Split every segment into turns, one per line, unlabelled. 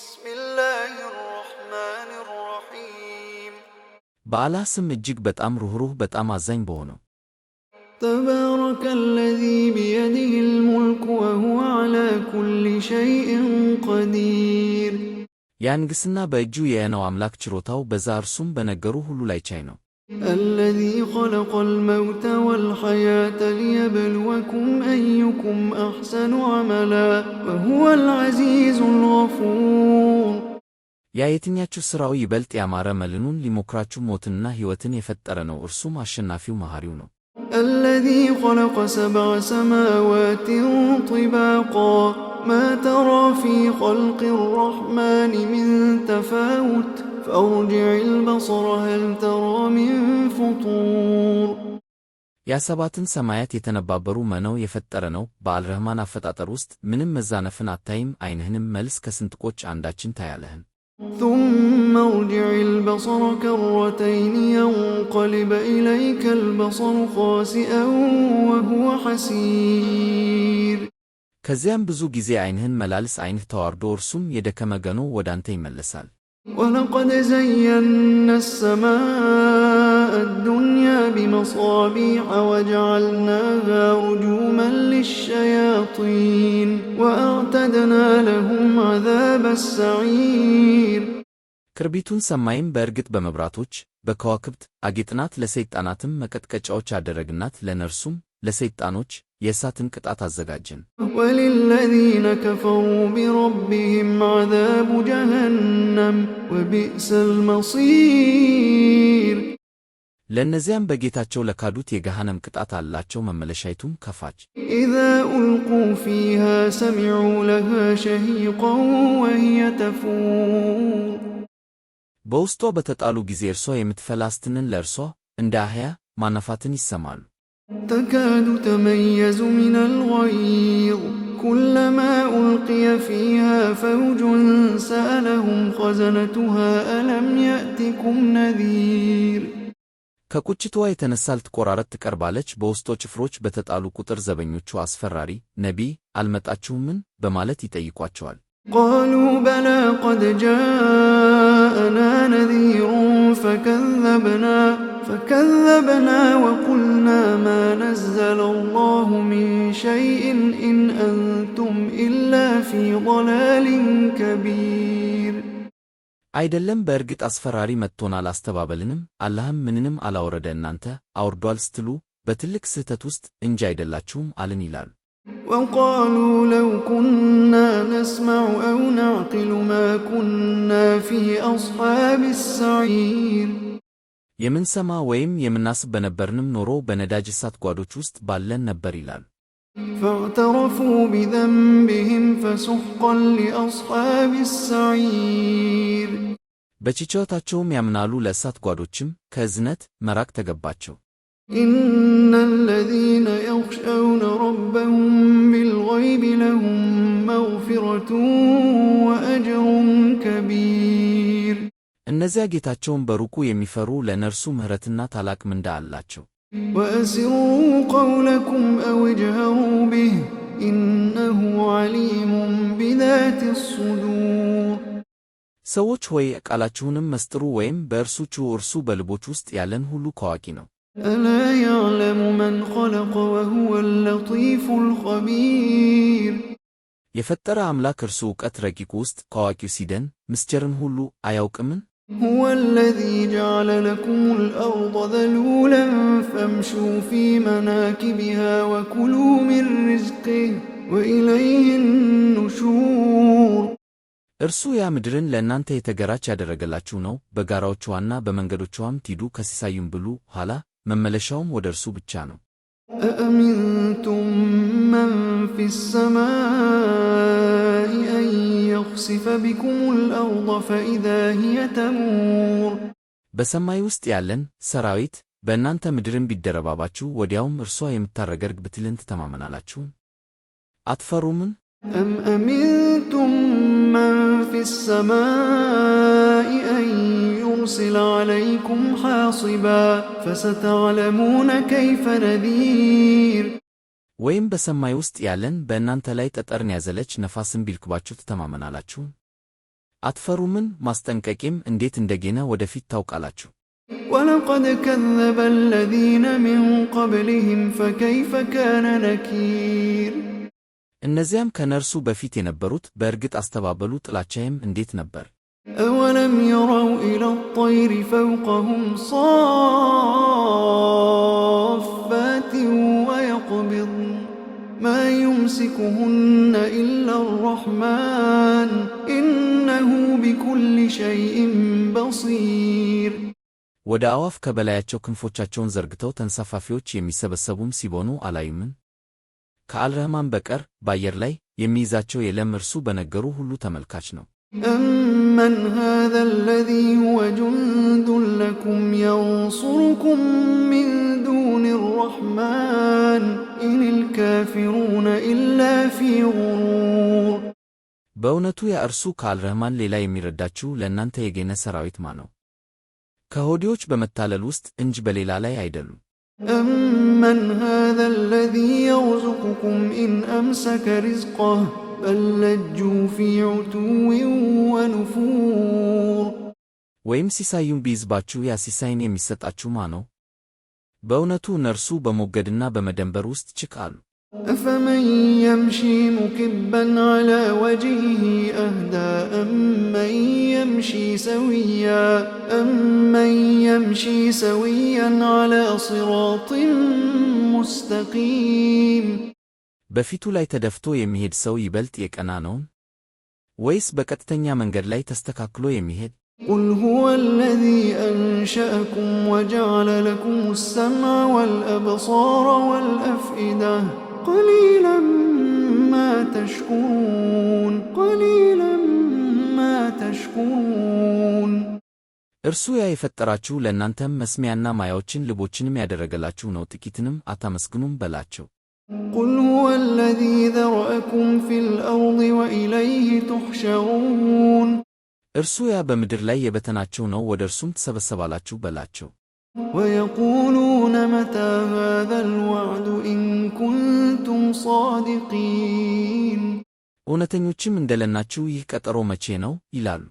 بسم الله الرحمن الرحيم ስም እጅግ በጣም ሩኅሩህ በጣም አዛኝ በሆነው
تبارك الذي بيده الملك وهو على كل شيء قدير
ያ በእጁ የያነው አምላክ ችሮታው በዛ እርሱም በነገሩ ሁሉ ላይ ቻይ ነው
الذي خلق الموت والحياة ليبلوكم أيكم أحسن عملا وهو العزيز الغفور
يا يتنيا የየትኛችሁ ሥራው ይበልጥ ያማረ መልኑን ሊሞክራችሁ ሞትንና ሕይወትን የፈጠረ ورسو ما شنا فيو مهاريونو
الذي خلق سبع سماوات طباقا ما ترى في خلق الرحمن من تفاوت فأرجع البصر هل ترى من فطور
የሰባትን ሰማያት የተነባበሩ መነው የፈጠረ ነው። በአልረህማን አፈጣጠር ውስጥ ምንም መዛነፍን አታይም። ዓይንህንም መልስ ከስንጥቆች አንዳችን ታያለህን።
ثم ارجع البصر كرتين ينقلب إليك البصر خاسئا وهو حسير
ከዚያም ብዙ ጊዜ ዓይንህን መላልስ፣ ዓይንህ ተዋርዶ እርሱም የደከመ ገኖ ወዳንተ ይመለሳል።
ولقد زينا السماء الدنيا بمصابيح وجعلناها رجوما للشياطين وأعتدنا لهم عذاب السعير
ክርቢቱን ሰማይም በእርግጥ በመብራቶች በከዋክብት አጌጥናት ለሰይጣናትም መቀጥቀጫዎች አደረግናት ለነርሱም ለሰይጣኖች የእሳትን ቅጣት አዘጋጀን።
ወሊለዚነ ከፈሩ ቢረቢህም ዓዛቡ ጀሃነም ወቢእሰል መሲር።
ለእነዚያም በጌታቸው ለካዱት የገሃነም ቅጣት አላቸው። መመለሻይቱም ከፋች።
ኢዛ ኡልቁ ፊሃ ሰሚዑ ለሃ ሸሂቀን ወህየ ተፉር።
በውስጧ በተጣሉ ጊዜ እርሷ የምትፈላስትንን ለእርሷ እንደ አህያ ማነፋትን ይሰማሉ።
تكاد تميز من الغيظ كلما ألقي فيها فوج سألهم خزنتها ألم يأتكم نذير
ከቁጭቷ የተነሳ ልትቆራረጥ ትቀርባለች። በውስጧ ጭፍሮች በተጣሉ ቁጥር ዘበኞቹ አስፈራሪ ነቢይ አልመጣችሁምን በማለት ይጠይቋቸዋል።
ቃሉ በላ ቀድ ጃአና ነዚሩ ፈከዘብና فكذبنا وقلنا ما نزل الله من شيء إن أنتم إلا في ضلال كبير
አይደለም በእርግጥ አስፈራሪ መጥቶናል አስተባበልንም አላህም ምንንም አላወረደ እናንተ አውርዷል ስትሉ በትልቅ ስህተት ውስጥ እንጂ አይደላችሁም አልን ይላሉ
وقالوا لو كنا نسمع أو نعقل ما كنا في أصحاب السعير
የምንሰማ ወይም የምናስብ በነበርንም ኖሮ በነዳጅ እሳት ጓዶች ውስጥ ባለን ነበር ይላል።
ፈዕተረፉ ቢዘንብህም ፈሱሕቀን ሊአስሓቢ ሰዒር
በችቸታቸውም ያምናሉ፣ ለእሳት ጓዶችም ከእዝነት መራቅ ተገባቸው።
ኢነ ለዚነ የኽሸውነ ረበሁም ቢልገይቢ ለሁም
እነዚያ ጌታቸውን በሩቁ የሚፈሩ ለነርሱ ምሕረትና ታላቅ ምንዳ አላቸው።
ወእስሩ ቀውለኩም አው ጅሀሩ ቢህ ኢነሁ ዓሊሙን ቢዛቲ ሱዱር።
ሰዎች ሆይ ቃላችሁንም መስጥሩ ወይም በእርሱ ጩኹ፣ እርሱ በልቦች ውስጥ ያለን ሁሉ ከዋቂ ነው።
አላ ያዕለሙ መን ኸለቀ ወሁወል ለጢፉ ኸቢር
የፈጠረ አምላክ እርሱ ዕውቀት ረቂቁ ውስጥ ከዋቂው ሲደን ምስጢርን ሁሉ አያውቅምን?
هو الذي جعل لكم الأرض ذلولا فامشوا في مناكبها وكلوا من رزقه وإليه النشور
እርሱ ያ ምድርን ለእናንተ የተገራች ያደረገላችሁ ነው። በጋራዎቿና በመንገዶቿም ሂዱ፣ ከሲሳዩም ብሉ። ኋላ መመለሻውም ወደ እርሱ ብቻ ነው።
አአሚንቱም መን ፊ ሰማ يقصف بكم الأرض فإذا هي تمور
بسماي يوست يعلن سرايت بأن أنت مدرم بيدر باباتشو وديهم رسوا يمتارغرق بتلنت تماما لاتشو أتفرومن
أم أمنتم من في السماء أن يرسل عليكم حاصبا فستعلمون كيف نذير
ወይም በሰማይ ውስጥ ያለን በእናንተ ላይ ጠጠርን ያዘለች ነፋስን ቢልክባችሁ ትተማመናላችሁ? አትፈሩምን? ማስጠንቀቂም እንዴት እንደገና ወደፊት ታውቃላችሁ?
ወለቀድ ከዘበ አለዚነ ሚን ቀብሊሂም ፈከይፈ ካነ ነኪር
እነዚያም ከነርሱ በፊት የነበሩት በእርግጥ አስተባበሉ፣ ጥላቻዬም እንዴት ነበር።
አወለም የረው ኢለ ጦይሪ ፈውቀሁም
ወደ አዋፍ ከበላያቸው ክንፎቻቸውን ዘርግተው ተንሳፋፊዎች የሚሰበሰቡም ሲሆኑ አላዩምን? ከአልረህማን በቀር በአየር ላይ የሚይዛቸው የለም። እርሱ በነገሩ ሁሉ ተመልካች ነው።
እመን ሃዛ ለዚ ሁወ ጁንዱን ለኩም የንሱርኩም ምን ዱን ረሕማን ኢን ልካፊሩነ ኢላ ፊ ጉሩር።
በእውነቱ ያ እርሱ ከአልረህማን ሌላ የሚረዳችሁ ለእናንተ የጌነ ሰራዊት ማ ነው ከሆዲዎች በመታለል ውስጥ እንጂ በሌላ ላይ አይደሉም።
አመን ሃዛ አለዚ የርዝቁኩም ኢን አምሰከ ሪዝቀህ በል ፊ ዑቱዊን ወንፉር
ወይም ሲሳዩን ቢይዝባችሁ ያ ሲሳይን የሚሰጣችሁ ማነው? በእውነቱ እነርሱ በሞገድና በመደንበር ውስጥ ችክ አሉ።
أفمن يمشي مكبا على وجهه أهدى أمن يمشي سويا أمن يمشي سويا على صراط مستقيم
በፊቱ ላይ ተደፍቶ የሚሄድ ሰው ይበልጥ የቀና ነውን? ወይስ من መንገድ لاي تستكاكلو يمهد
قل هو الذي أنشأكم وجعل لكم السمع والأبصار والأفئدة قليلا ما تشكرون قليلا ما تشكرون
እርሱ ያ የፈጠራችሁ ለእናንተም መስሚያና ማያዎችን ልቦችንም ያደረገላችሁ ነው። ጥቂትንም አታመስግኑም በላቸው።
قل هو الذي ذرأكم في الأرض وإليه تحشرون
እርሱ ያ በምድር ላይ የበተናቸው ነው፣ ወደ እርሱም ትሰበሰባላችሁ በላቸው።
ويقولون متى هذا الوعد إن كنتم صادقين
እውነተኞችም እንደለናችሁ ይህ ቀጠሮ መቼ ነው ይላሉ።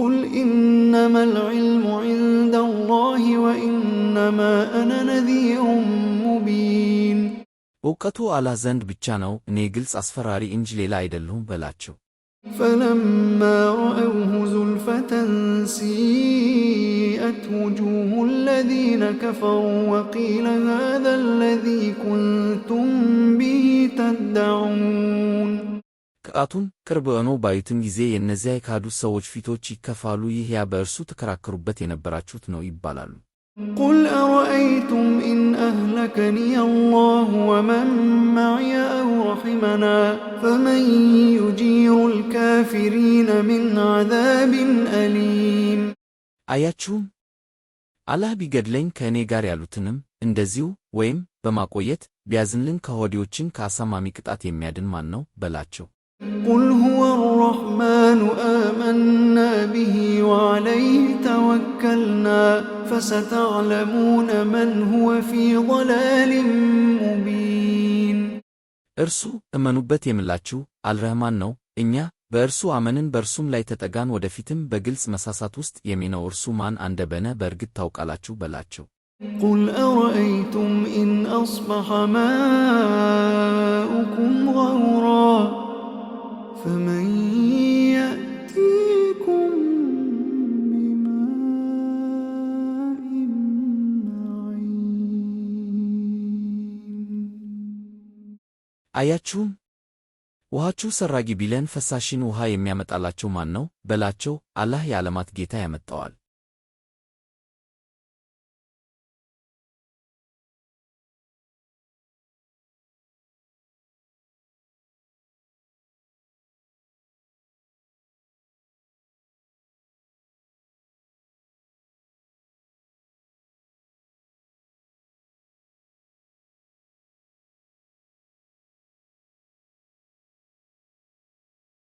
ቁል ኢነማ አልዕልሙ ዒንደ አላህ ወኢነማ አነ ነዚሩን ሙቢን
እውቀቱ አላህ ዘንድ ብቻ ነው፣ እኔ ግልጽ አስፈራሪ እንጂ ሌላ አይደለሁም በላቸው።
ፈለማ ረአውሁ ዙልፈተን ሲር حُمِّلَتْ وُجُوهُ الَّذِينَ كَفَرُوا وَقِيلَ هَذَا الَّذِي كُنْتُمْ بِهِ تَدَّعُونَ
ከአቱም ቅርብ ሆኖ ባዩትም ጊዜ የእነዚያ የካዱ ሰዎች ፊቶች ይከፋሉ ይህ ያ በእርሱ ተከራከሩበት የነበራችሁት ነው ይባላሉ
قل أرأيتم إن أهلكني الله ومن معي أو رحمنا فمن يجير الكافرين من عذاب أليم
أياتشوم አላህ ቢገድለኝ ከእኔ ጋር ያሉትንም እንደዚሁ ወይም በማቆየት ቢያዝንልን ከሆዲዎችን ከአሳማሚ ቅጣት የሚያድን ማን ነው በላቸው።
ቁል ሁወ ረሕማኑ አመና ብሂ ወዐለይህ ተወከልና ፈሰተዕለሙነ መን ሁወ ፊ ضላሊን ሙቢን።
እርሱ እመኑበት የምላችሁ አልረህማን ነው እኛ በእርሱ አመንን በእርሱም ላይ ተጠጋን ወደፊትም በግልጽ መሳሳት ውስጥ የሚነው እርሱ ማን አንደበነ በእርግጥ ታውቃላችሁ በላቸው።
ቁል አረአይቱም ኢን አስበሐ ማኡኩም ገውራ ፈመን የእቲኩም ቢማኢን መዒን
አያችሁም ውሃችሁ ሰራጊ ቢለን ፈሳሽን ውሃ የሚያመጣላቸው ማን ነው? በላቸው፣ አላህ የዓለማት ጌታ ያመጣዋል።